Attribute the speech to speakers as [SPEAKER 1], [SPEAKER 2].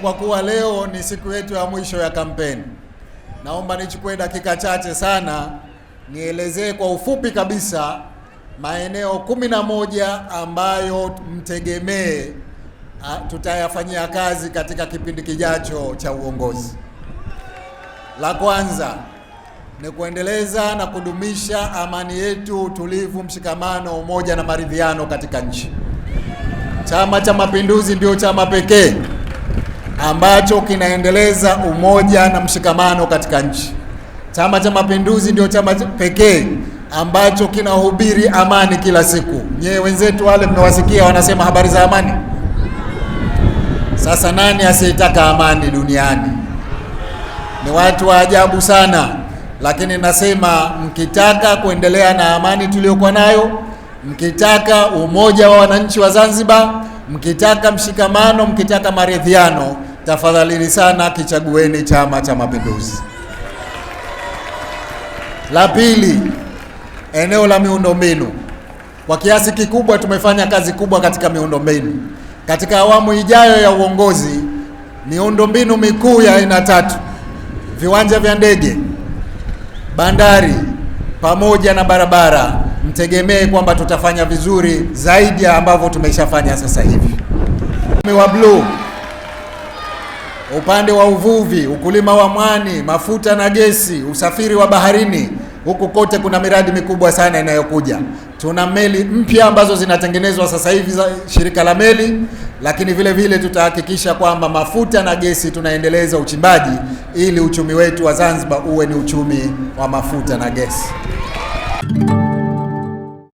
[SPEAKER 1] Kwa kuwa leo ni siku yetu ya mwisho ya kampeni, naomba nichukue dakika chache sana nielezee kwa ufupi kabisa maeneo kumi na moja ambayo mtegemee tutayafanyia kazi katika kipindi kijacho cha uongozi. La kwanza ni kuendeleza na kudumisha amani yetu, utulivu, mshikamano, umoja na maridhiano katika nchi. Chama cha Mapinduzi ndio chama pekee ambacho kinaendeleza umoja na mshikamano katika nchi. Chama cha Mapinduzi ndio chama pekee ambacho kinahubiri amani kila siku. Nyewe wenzetu wale mnawasikia wanasema habari za amani. Sasa nani asiyetaka amani duniani? Ni watu wa ajabu sana, lakini nasema mkitaka kuendelea na amani tuliyokuwa nayo, mkitaka umoja wa wananchi wa Zanzibar Mkitaka mshikamano, mkitaka maridhiano, tafadhalini sana kichagueni Chama cha Mapinduzi. La pili, eneo la miundombinu. Kwa kiasi kikubwa tumefanya kazi kubwa katika miundombinu. Katika awamu ijayo ya uongozi, miundombinu mikuu ya aina tatu, viwanja vya ndege, bandari pamoja na barabara mtegemee kwamba tutafanya vizuri zaidi ya ambavyo tumeshafanya sasa hivi. Uchumi wa bluu, upande wa uvuvi, ukulima wa mwani, mafuta na gesi, usafiri wa baharini, huku kote kuna miradi mikubwa sana inayokuja. Tuna meli mpya ambazo zinatengenezwa sasa hivi za shirika la meli, lakini vile vile tutahakikisha kwamba mafuta na gesi tunaendeleza uchimbaji ili uchumi wetu wa Zanzibar uwe ni uchumi wa mafuta na gesi.